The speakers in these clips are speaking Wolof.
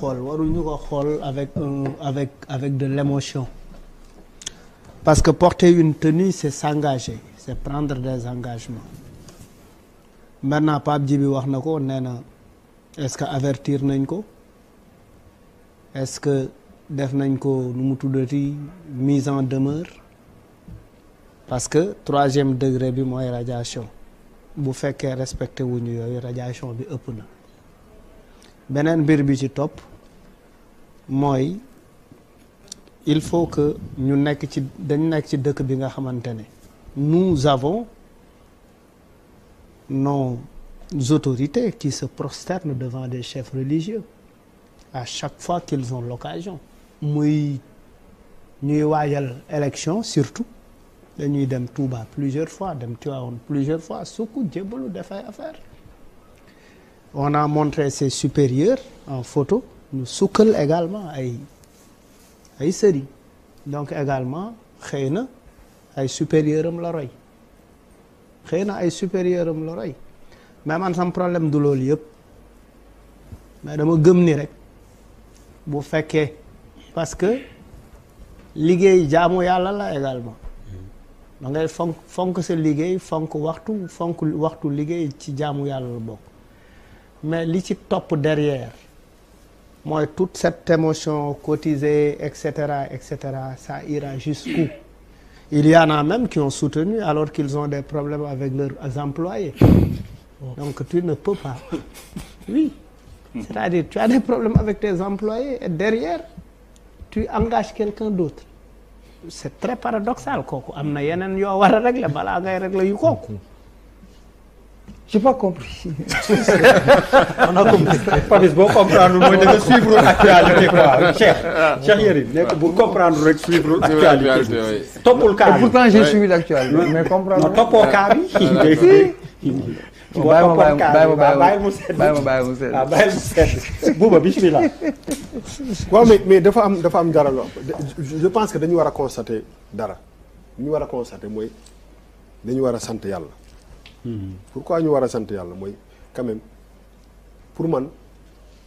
xool waruñu ko xool avec un avec avec de l'émotion parce que porter une tenue c'est s'engager c'est prendre des engagements maintenant ji bi wax na ko nee na est-ce que avertir nañ ko est-ce que def nañ ko nu mu tuddati mise en demeure parce que troisième degré bi mooy radiation bu fekkee respecté wuñu yooyu radiation bi ëpp na beneen mbir bi ci topp mooy il faut que ñu nekk ci dañ nekk ci dëkk bi nga xamante ne nous avons nos autorités qui se prosternent devant des chefs religieux a chaque fois qu'ils ont l'occasion muy ñuy waayal élection surtout dañuy dem Touba plusieurs fois dem Tivaouane plusieurs fois su ko jébbalu dafay affaire on a montré ses supérieurs en photo ñu sukkal également ay ay sëriñ donc également xëy na ay supérieur am la roy xëy na ay supérieur am la roy mais man sam problème du yëpp mais dama gëm ni rek bu fekkee parce que liggéey jaamu yàlla la également da ngay fonk fonk sa liggéey fonk waxtu fonk waxtu liggéey ci jaamu yàlla la bokk mais li ci topp derrière mooy toute cette émotion cotisée et cetera et cetera ça ira jusqu'où il y en a même qui soutenu alors qu'ils ont des problèmes avec leurs employés donc tu ne peux pas oui cest tu as des problèmes avec tes employés et derrière tu engages quelqu'un d'autre c'est très paradoxal kooku am na yeneen yoo war a régler balaa ngay régler yu kooku j'ai pas compris. on a compris. Papis boo comprendre mooy da nga suivre bu comprendre rek suivre actualité bi. toppul cas bi mais comprendre. toppoo cas bi. bàyyi ma bàyyi ma bàyyi mu sedd bàyyi ma bàyyi waaw mais dafa am dafa am dara je pense que dañu war a constater dara li ñu war a constater mooy dañu war a sant yàlla. pourquoi ñu war a sant yàlla mooy quand pour man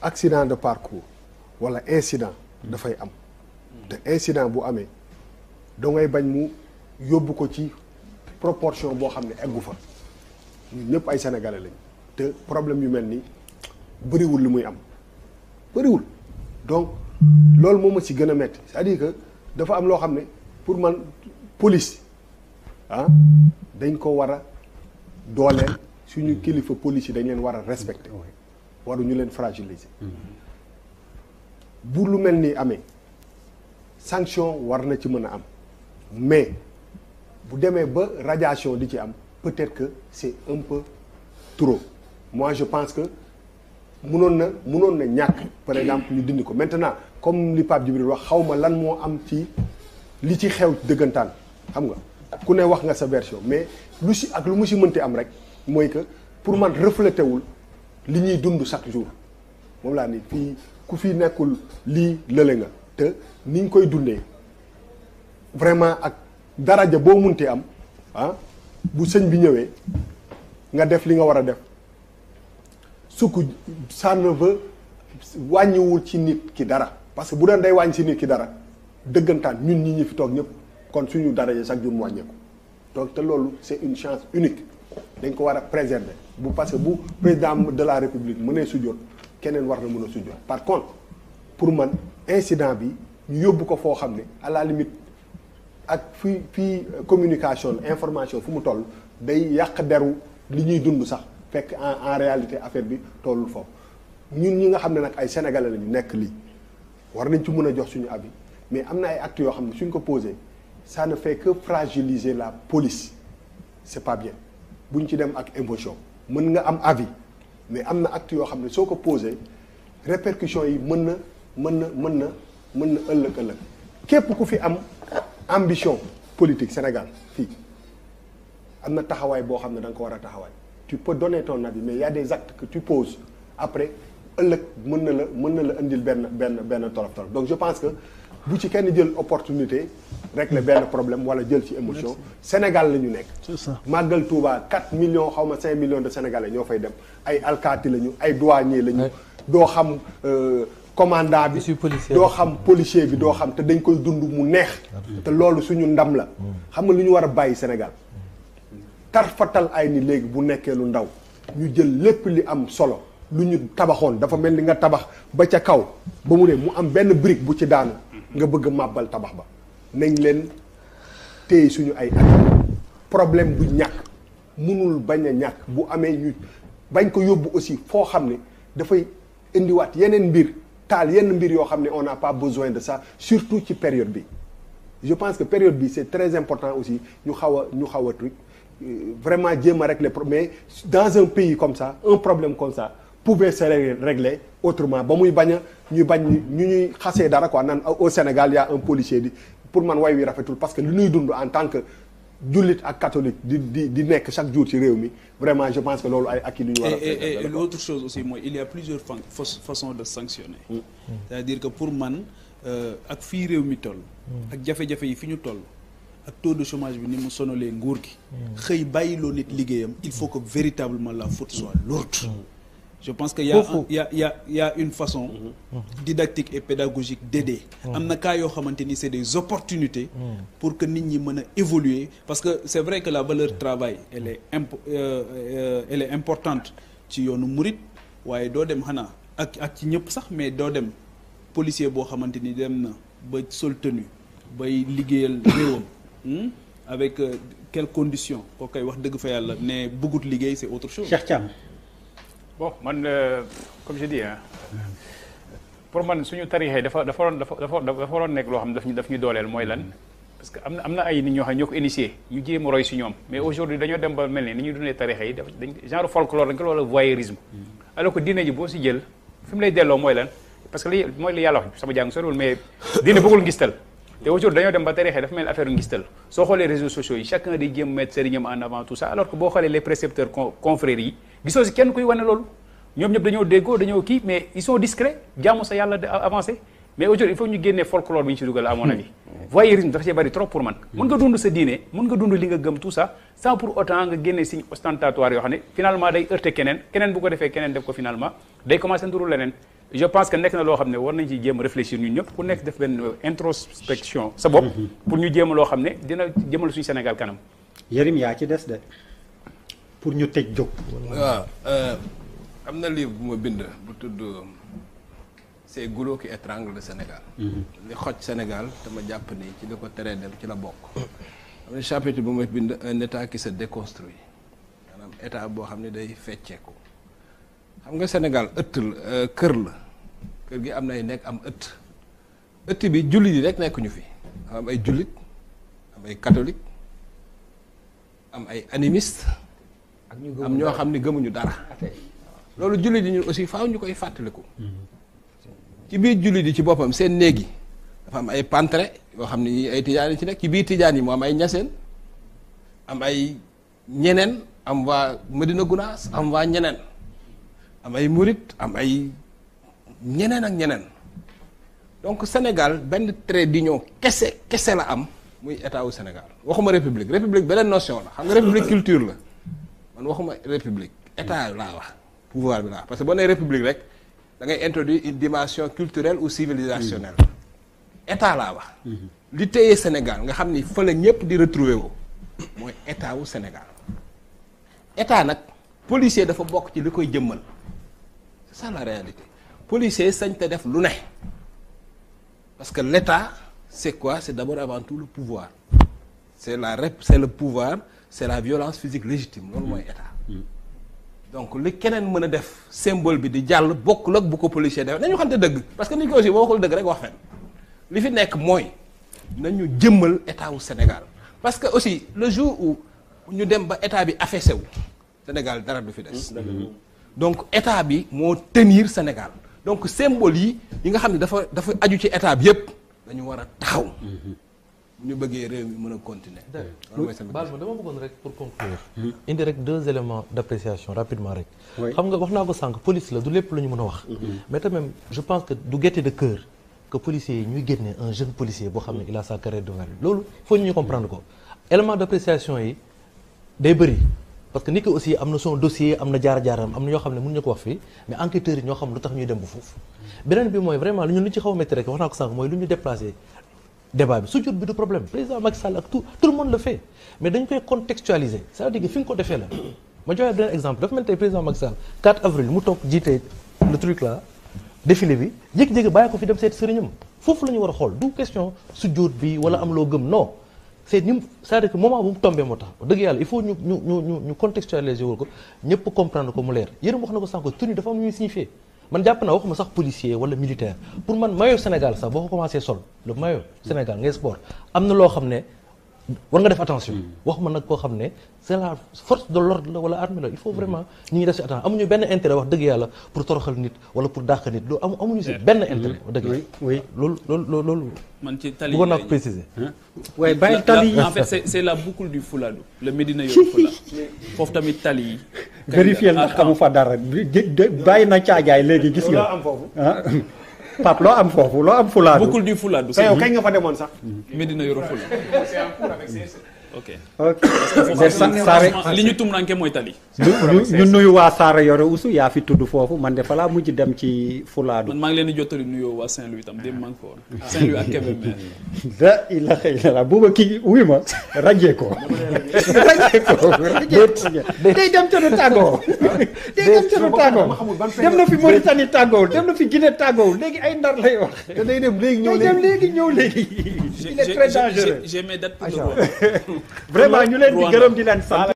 accident de parcours wala incident dafay am te incident bu amee dangay bañ mu yóbbu ko ci proportion boo xam ne eggu fa ñu ñëpp ay sénégalais lañ te problème yu mel ni bëriwul lu muy am bëriwul donc loolu moom ma ci gën a metti c'est-à-dire dafa am loo xam ne pour man police ah, dañ ko war dooleel suñu kilifa police yi dañ leen war a respecter waruñu leen fragiliser buur lu mel nii amee sanction war na ci mën a am mais bu demee ba radiation di ci am peut-être que c'est un peu trop moi je pense que munoon na munoon na ñàkk par exemple ñu dindi ko maintenant comme li Pape Djibril wax xaw ma lan moo am ci li ci xew dëggantaan xam nga ku ne wax nga sa version mais lu si ak lu mu si mënti am rek mooy que pour man reflété wul li ñuy dund chaque jour moom laa ni fii ku fi nekkul lii lële nga te ni koy dundee vraiment ak daraja boo mun munti am ah bu sëñ bi ñëwee nga def li nga war a def sukk ça ne veut wàññiwul ci nit ki dara parce que bu doon day wàññi si nit ki dara dëggantaan ñun ñi ñu fi toog ñëpp kon suñu daraja chaque jour mu wàññeeku donc te loolu c'est une chance unique dañ ko war a préserver bu parce que bu président de la république mënee sujjóot keneen war na mën a sujjóot par contre pour man incident bi ñu yóbbu ko foo xam ne à la limite ak fii fii communication information fu mu toll day yàq deru li ñuy dund sax fekk en en réalité affaire bi tollul foofu ñun ñi nga xam ne nag ay sénégalais lañu nekk lii war nañ ci mun a jox suñu avis mais am na ay actes yoo xam ne suñ ko posé. ça ne fait que fragiliser la police c'est pas bien bu ñu ci dem ak émotion mën nga am avis mais am na acte yoo xam ne soo ko posé répercussions yi mën na mën na mën na mën na ëllëg ëllëg képp ku fi am ambition politique Sénégal fii am na taxawaay boo xam ne da ko war a taxawaay tu peux donner ton avis mais il y a des actes que tu poses après ëllëg mën na la mën na la indil benn benn benn torof torof donc je pense que bu ci kenn jël opportunité régler benn problème wala jël ci émotion Sénégal la ñu nekk. c'est ça màggal Touba 4 million xaw ma million de Sénégalais ñoo fay dem ay alkaati la ñu ay douanier la ñu. doo xam euh, commandant bi. doo xam policier bi doo xam te dañ koy dund mu neex. te loolu suñu ndam la. Mm. xam nga lu ñu war a bàyyi Sénégal. tarfatal ay ni léegi bu nekkee lu ndaw ñu jël lépp li am solo lu ñu tabaxoon dafa mel ni nga tabax ba ca kaw ba mu ne mu am benn brique bu ci daanu. nga bëgg màbbal tabax ba nañ leen téye suñu ay at problème bu ñàkk munul bañ a ñàkk bu amee ñu bañ ko yóbbu aussi foo xam ne dafay indiwaat yeneen mbir taal yenn mbir yoo xam ne on a pas besoin de ça surtout ci période bi je pense que période bi c'est très important aussi ñu xaw a ñu xaw a truc euh, vraiment jéem a rek les mais dans un pays comme ça un problème comme ça pouvait se régler autrement ba muy bañ ñu bañ ñu ñuy xasee dara quoi naan au Sénégal y a un policier di pour man way wi rafetul parce que lu ñuy dund en tant que jullit ak catholique di nekk chaque jour ci réew mi vraiment je pense que loolu ay acquis lu ñu war a et mooy il y a plusieurs façons de sanctionner mmh. c'est-à-dire que pour man euh, ak fii réew mi toll mm. ak jafe-jafe yi fi ñu toll ak taux de chômage bi ni mu sonalee nguur gi mm. xëy bàyyiloo nit liggéeyam il faut que véritablement la faute soit lourde mm. je pense que y' a un, y' a y' a y' a une façon. Mm-hmm. Mm-hmm. didactique et pédagogique d'aider mm-hmm. am na cas yoo xamante ni c' des opportunités. pour que nit ñi mën a évoluer parce que c' est vrai que la valeur travail elle est impo euh, euh, importante ci yoonu murit waaye doo dem xanaa ak ak ci ñëpp sax mais doo dem policier boo xamante ni dem na ba sol tenue bay liggéeyal réewam hmm? avec euh, quelles conditions koo koy wax dëgg fa yàlla ne bëggut liggéey c' est autre chose. Cheikh bon man euh, comme je dis hein pour man suñu tarixee dafa dafa waroon nekk loo xam daf ñu daf ñu dooleel mooy lan parce que am na am na ay nit ñoo xam ñoo ko initié ñu jéem a roy si ñoom mais aujourd'hui dañoo dem ba mel ni ni ñuy dundee tarixa yi dafa dañ genre folklore dañ ko wala voyeurisme mm. alors diine ji boo si jël fi mu lay delloo mooy lan parce que li mooy li yàlla wax sama jàng soriwul mais diine bëggul ngistal te aujourd'hui dañoo dem ba tarixe dafa mel affaire ngistal soo xoolee réseaux sociaux yi chacun day jéem mettre sëriñam en avant tout ça alors que boo xoolee les précepteurs confrères yi gisoo si kenn kuy wane loolu ñoom ñëpp dañoo déggoo dañoo kii mais ils sont discrets sa yàlla avancé mais aujourd'hui il faut ñu génnee folklore bi ñu ci dugal à mon avis voyeurisme dafa cee bari trop pour man mën nga dund sa diine mën nga dund li nga gëm tout ça sans je pense que nekk na loo xam ne war nañ ci jéem réfléchir ñun ñëpp ku nekk def benn introspection sa bopp mhm. pour ñu jéem loo xam ne dina jëmal suñu Sénégal kanam Yérim yaa ci des de pour ñu teg jóg waaw euh, am na livre bu ma bind bu tudd c'est goulot ki étrangle le Sénégal mhm. li xoj Sénégal dama jàpp ni ci li ko teree dem ci la bokk am na ma bind un état qui déconstruit maanaam état boo xam ne day fecceeku xam nga Sénégal ëtt la euh, kër la kër gi am na ay nekk am ëtt ëtt bi jullit yi rek nekkuñu fi am ay jullit am ay katolik am ay animiste am ñoo xam ne gëmuñu dara loolu jullit yi ñun aussi faaw ñu koy fàttaliku mm-hmm. ci biir jullit yi ci boppam seen néeg yi dafa am ay pentre yoo xam ne yi ay tijaan yi ci nekk ci biir tijaan yi mu am ay ñaseen am ay ñeneen am waa Medina Gunaas am waa ñeneen am ay murit am ay ñeneen ak ñeneen donc Sénégal benn trait d'union kese kese la am muy état wu Sénégal waxuma république république beneen notion la xam nga république culture la man waxuma république état laa wax pouvoir bi laa parce que boo nee république rek dangay ngay une dimension culturelle ou civilisationnelle état laa wax li téye Sénégal nga xam ni fële ñëpp di retrouver wu mooy état wu Sénégal état nag policier dafa bokk ci li koy jëmmal c'est ça policier sañ te def lu ne parce que l'État c'est quoi c'est d'abord avant tout le pouvoir c'est la rep c'est le pouvoir c'est la violence physique légitime loolu mooy État donc li keneen mën a def symbole bi di jàll bokkul ak bu ko policier def nañu xam xamante dëgg parce que nit ki aussi boo waxul dëgg rek wax fen li fi nekk mooy nañu jëmmal État wu Sénégal parce que aussi le jour u ñu dem ba état bi affaissé wu Sénégal dara du fi des. Mm-hmm. donc état bi moo tenir Sénégal. donc symbole yi yi nga xam ne dafa dafa aju ci état bi yëpp dañu war a taxaw. Mhm. ñu bëggee réew mi mën a continuer. baal ma dama bëggoon rek pour conclure. Mhm. indi rek deux éléments d' appréciation rapidement rek. xam nga wax naa ko sànq police la du lépp la ñu mën a wax. Mhm. mais tamit je pense que du gaieté de cœur que policiers yi ñuy génne un jeune policier boo xam ne il a sa carrière devant lui loolu faut ñu comprendre ko élément d' appréciation yi day bëri. parce que nit ki aussi am na son dossier am na jaar-jaaram am na yoo xam ne mën ñu ko wax fii mais enquêteurs ñoo xam lu tax ñuy dem bu foofu beneen bi mooy vraiment lu ñu li ci xaw a métti rek wax naa ko sànq mooy lu ñu déplacé débat bi su jot bi du problème président Macky ak tout tout le monde le fait mais dañ koy contextualiser cest à fi nga ko defee la ma joxe beneen exemple dafa mel président Macky Sall avril mu toog jiite le foofu a xool du question su jot bi wala am loo gëm non c' est ni mu cest bu mu tombé moo tax dëgg yàlla il faut ñu ñu ñu ñu contextualiser wul ko ñëpp comprendre ko mu leer yéen wax na ko sànq tenue dafa am ñuy signifier man jàpp naa waxuma sax policier wala militaire pour man maillot Sénégal sax boo ko commencé sol le maillot Sénégal ngay sport am na loo xam ne war nga def attention. Hmm. wax ma nag koo xam ne c'est la force de l'ordre la wala armée la il faut vraiment ñu ngi def si attention amuñu benn intérêt wax dëgg yàlla pour toroxal nit wala pour dàq nit loolu amu amuñu si eh, benn intérêt. dëgg yàlla oui loolu loolu loolu. man ci tali bëggoon naa ko waaye bàyyi tali yi en fait c'est c'est la boucle du Fuladu le Médina Yoro Fula foofu tamit tali yi. vérifier ndax amu fa dara bàyyi na caajaay léegi gis nga. Pape loo am foofu loo am fulaadu. bokkul di fulaadu. yow kañ nga fa demoon sax. Medina yoroo fulaadu. ok ok. li ñu tumranke mooy tali. ñu nuyu waa Saara Yoro Usu yaa fi tudd foofu man de mujj dem ci Fulaadu. man leen di jottali nuyoo waa Saint-Louis tam démb ak Kébémer. da kii wuy ma ràññee ko. ràññee ko ràññee day dem coono tàggoo. day dem coono tàggoo dem na fi Mauritanie tàggoo dem na fi Guinée tàggoo léegi ay ndar lay wax. te dem léegi ñëw léegi il est très dangereux j'ai mes dates pour le Vraiment ñu leen di gërëm di leen sant